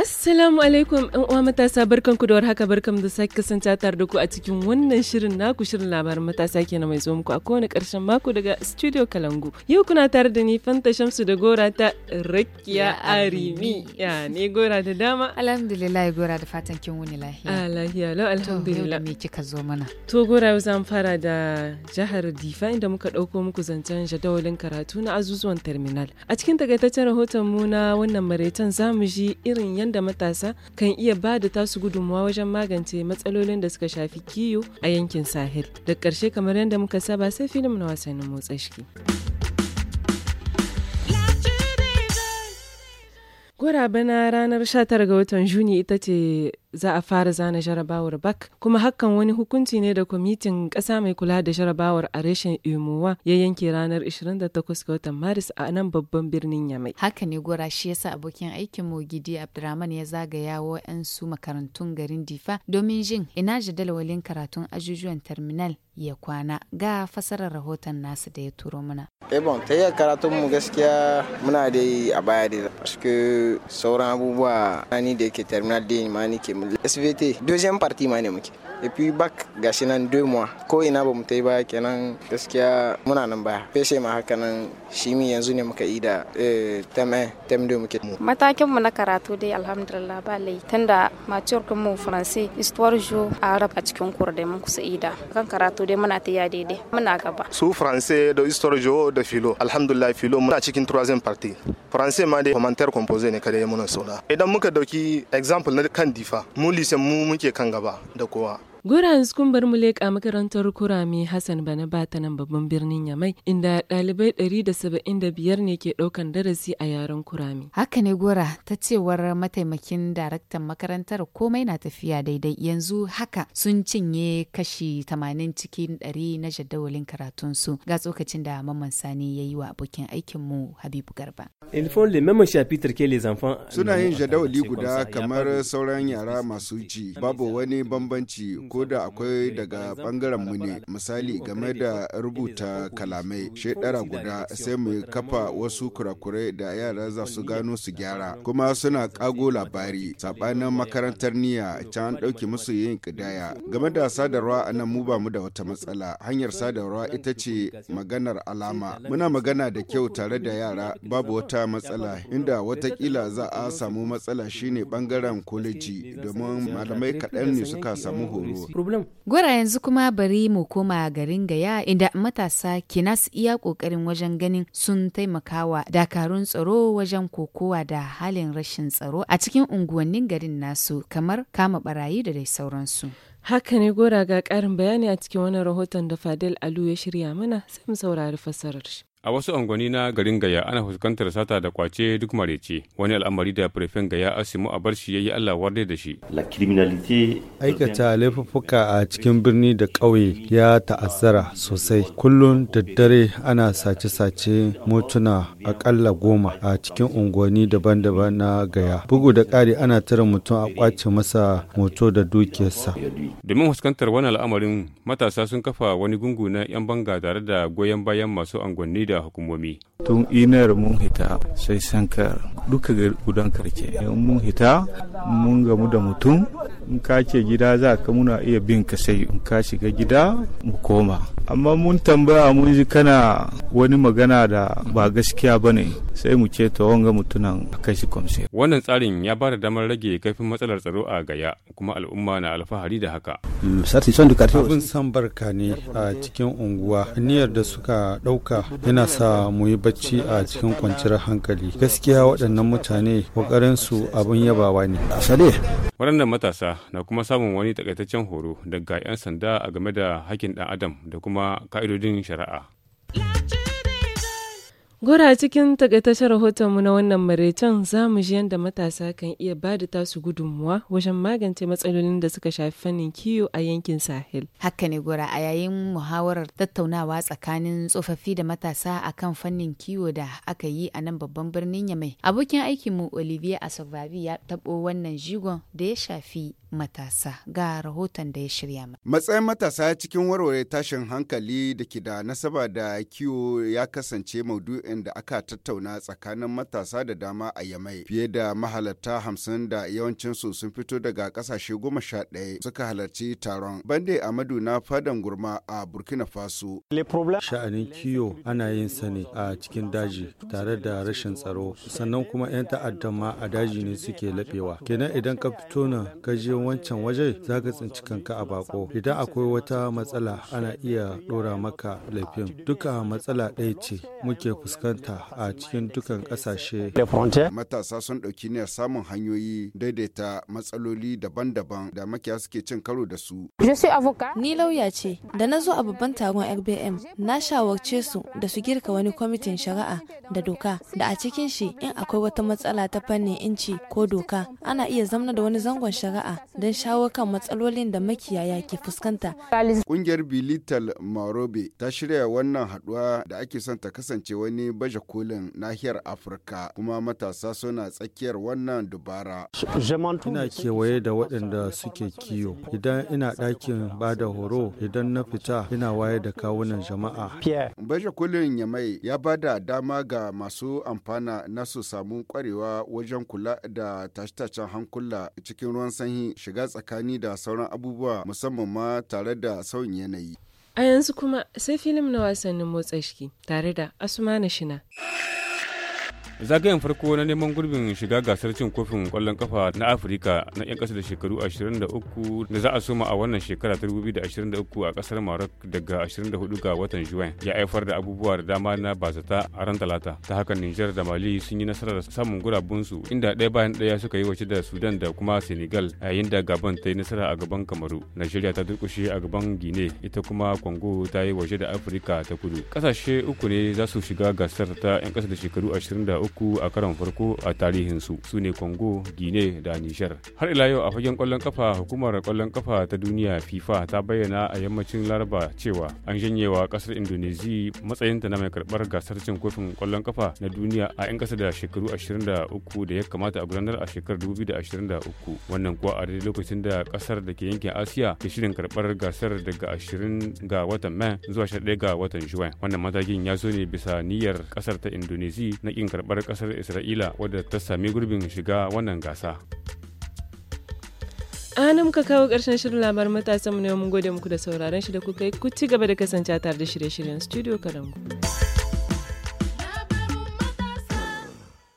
Assalamu alaikum ɗan uwa matasa barkan ku da haka barkan da sake kasance tare da ku a cikin wannan shirin naku shirin labaran matasa kenan mai zo muku a kowane ƙarshen mako daga Studio Kalangu. Yau kuna tare da ni Fanta Shamsu da Gora ta Rakiya Arimi. Ya ne Gora da dama? Alhamdulillah Gora da fatan kin wuni lahiya. Ah lahiya lau alhamdulillah. To me kika zo mana? To Gora yau zan fara da jihar Difa inda muka ɗauko muku zancen jadawalin karatu na azuzuwan terminal. A cikin takaitaccen rahoton mu na wannan maraitan zamu ji irin da matasa kan iya ba da tasu gudunmuwa wajen magance matsalolin da suka shafi kiyo a yankin Sahel. Da ƙarshe kamar yadda muka saba sai filim na wasannin motsa shi. Gwara bana ranar 19 ga watan Juni ita ce za a fara zana jarabawar bak kuma hakan wani hukunci ne da kwamitin ƙasa mai kula da jarabawar a reshen imowa ya yanke ranar 28 ga watan maris a nan babban birnin yamai haka ne gora shi yasa abokin aikin mu gidi abdurrahman ya zagaya wa su makarantun garin difa domin jin ina jadawalin karatun ajujuwan terminal ya kwana ga fasarar rahoton nasu da ya turo mana. Ebon eh, ta yi karatun mu gaskiya muna yi a baya da sauran abubuwa ni da ke terminal din ma ni ke SVT deuxième partie ma ne muke et puis bac gashi nan deux mois ko ina ba mu ba kenan gaskiya muna nan baya feshe ma haka nan shimi yanzu ne muka yi da teme eh, tem de muke matakin mu na karatu dai alhamdulillah ba lai tunda mature kun mu français histoire jo arab a cikin kur da mun kusa ida kan karatu dai muna ta ya daidai muna gaba su français da histoire jo da filo alhamdulillah filo muna cikin troisième partie faranse ma dai commentaire composé ne kada ya muna saura idan muka dauki example na kan difa mu lise mu muke kan gaba da kowa Guraren kun bar mu leƙa makarantar Kurame Hassan Bana Bata nan babban birnin Yamai inda ɗalibai ɗari da da biyar ne ke ɗaukan darasi a yaren Kurame. Haka ne Gora ta cewar mataimakin daraktan makarantar komai na tafiya daidai yanzu haka sun cinye kashi 80 cikin 100 na jadawalin karatun su ga tsokacin da Mamman Sani ya yi wa abokin aikin mu Habibu Garba. Suna yin jadawali guda kamar sauran yara masu ji babu wani bambanci ko da akwai daga bangaren mu ne misali game da rubuta kalamai shekara guda sai mu kafa wasu kurakurai da yara za su gano su gyara kuma suna kago labari sabanin makarantar niyya can an dauke musu yin kidaya game da sadarwa a nan mu ba mu da wata matsala hanyar sadarwa ita ce maganar alama muna magana da kyau tare da yara babu wata matsala inda watakila za a samu matsala shine bangaren koleji domin malamai kaɗan ne suka samu horo Gwara yanzu kuma bari mu koma garin Gaya inda matasa nasu iya kokarin wajen ganin sun taimakawa dakarun tsaro wajen kokowa da halin rashin tsaro a cikin unguwannin garin nasu kamar kama barayi da dai sauransu. Haka ne gora ga ƙarin bayani a cikin wani rahoton da Fadil Alu ya shirya mana sai mu saurari fasarar shi. A wasu unguwanni na garin Gaya ana fuskantar sata da kwace duk marece wani al'amari da firfin Gaya Asimu Abarshi ya yi Allah warde da shi. Aikata laifuffuka a cikin birni da ƙauye ya ta'azzara sosai. Kullum da dare ana sace-sace motuna akalla goma a cikin unguwanni daban-daban na Gaya. Bugu da ƙari ana tara mutum a kwace masa moto da dukiyarsa. Domin fuskantar wani al'amarin matasa sun kafa wani gungu na 'yan banga tare da goyon bayan masu unguwanni da hukumomi. Tun inar mun hita sai sankar duka gudan karke. Mun hita mun gamu da mutum in ka ce gida za ka muna iya bin ka sai in ka shiga gida mu koma amma mun tambaya mun ji kana wani magana da ba gaskiya ba ne sai mu ce ta wanga mutunan a kai shi kwamse wannan tsarin ya ba da damar rage kaifin matsalar tsaro a gaya kuma al'umma na alfahari da haka abin san barka ne a cikin unguwa niyyar da suka ɗauka yana sa mu yi bacci a cikin kwanciyar hankali gaskiya waɗannan mutane ƙoƙarin su abin yabawa ne waɗannan matasa na kuma samun wani takaitaccen horo daga 'yan sanda a game da hakkin ɗan adam da kuma ka'idodin shari'a. Gora cikin takaitaccen rahotonmu na wannan maraicen za mu ji yadda matasa kan iya ba da tasu gudunmuwa wajen magance matsalolin da suka shafi fannin kiwo a yankin Sahel. Haka ne Gora a yayin muhawarar tattaunawa tsakanin tsofaffi da matasa a kan fannin kiwo da aka yi a nan babban birnin ya mai Abokin aikinmu Olivier Asobabi ya tabo wannan jigon da ya shafi matasa ga rahoton da ya shirya Matsayin matasa cikin warware tashin hankali da ke da nasaba da kiwo ya kasance maudu'in ɗin da aka tattauna tsakanin matasa da dama a Yamai. Fiye da mahalarta hamsin da yawancinsu sun fito daga ƙasashe goma sha ɗaya suka halarci taron. Bande Amadu na fadan gurma a Burkina Faso. Sha'anin kiyo ana yin sani a cikin daji tare da rashin tsaro sannan kuma 'yan ta'adda ma a daji ne suke laɓewa. Kenan idan ka fito na ka je wancan waje za ka tsinci kanka a bako. Idan akwai wata matsala ana iya ɗora maka laifin. Duka matsala ɗaya ce muke fuska. fuskanta a cikin dukkan ƙasashe. Matasa sun ɗauki niyyar samun hanyoyi daidaita matsaloli daban-daban da makiya suke cin karo da su. Ni lauya ce, da na zo a babban taron RBM, na shawarce su da su girka wani kwamitin shari'a da doka da a cikin shi in akwai wata matsala ta fannin inci ko doka ana iya zamna da wani zangon shari'a don shawo kan matsalolin da makiyaya ke fuskanta. Ƙungiyar Bilital Marobe ta shirya wannan haɗuwa da ake son ta kasance wani baje kolin nahiyar Afirka kuma matasa suna tsakiyar wannan dubara. Ina kewaye da waɗanda suke kiyo. Idan ina ɗakin ba da horo, idan na fita ina waye da kawunan jama'a. Baje kolin Yamai ya ba da dama ga masu amfana na su samu kwarewa wajen kula da tashe-tashen hankula cikin ruwan sanyi shiga tsakani da sauran abubuwa musamman ma tare da sauyin yanayi. A yanzu kuma sai filim na wasannin motsa jiki tare da Asmana Shina. zagayen farko na neman gurbin shiga gasar cin kofin kwallon kafa na afirka na 'yan kasa da shekaru 23 da za a soma a wannan shekara 2023 a kasar maroc daga 24 ga watan juin ya haifar da abubuwa da dama na bazata a ran talata ta haka niger da mali sun yi nasarar samun gurabunsu inda ɗaya bayan ɗaya suka yi wace da sudan da kuma senegal yayin da gabon ta yi nasara a gaban kamaru nigeria ta durkushe a gaban gine ita kuma congo ta yi waje da afirka ta kudu kasashe uku ne za su shiga gasar ta 'yan kasa da shekaru 23 uku a karon farko a tarihin su ne congo guinea da niger har ila yau a fagen kwallon kafa hukumar kwallon kafa ta duniya fifa ta bayyana a yammacin laraba cewa an janyewa kasar indonesia matsayinta na mai karbar gasar cin kofin kwallon kafa na duniya a 'yan kasa da shekaru 23 da ya kamata a gudanar a shekarar 2023 wannan kuwa a daidai lokacin da kasar da ke yankin asiya ke shirin karbar gasar daga 20 ga watan mai zuwa 11 ga watan juin wannan matakin ya zo ne bisa niyyar kasar ta indonesia na kin karbar kamar kasar isra'ila wadda ta sami gurbin shiga wannan gasa ana muka kawo ƙarshen shirin labarin matasan mu ne mun gode muku da sauraron shi da kuka yi ku ci gaba da kasance tare da shirye-shiryen studio karangu.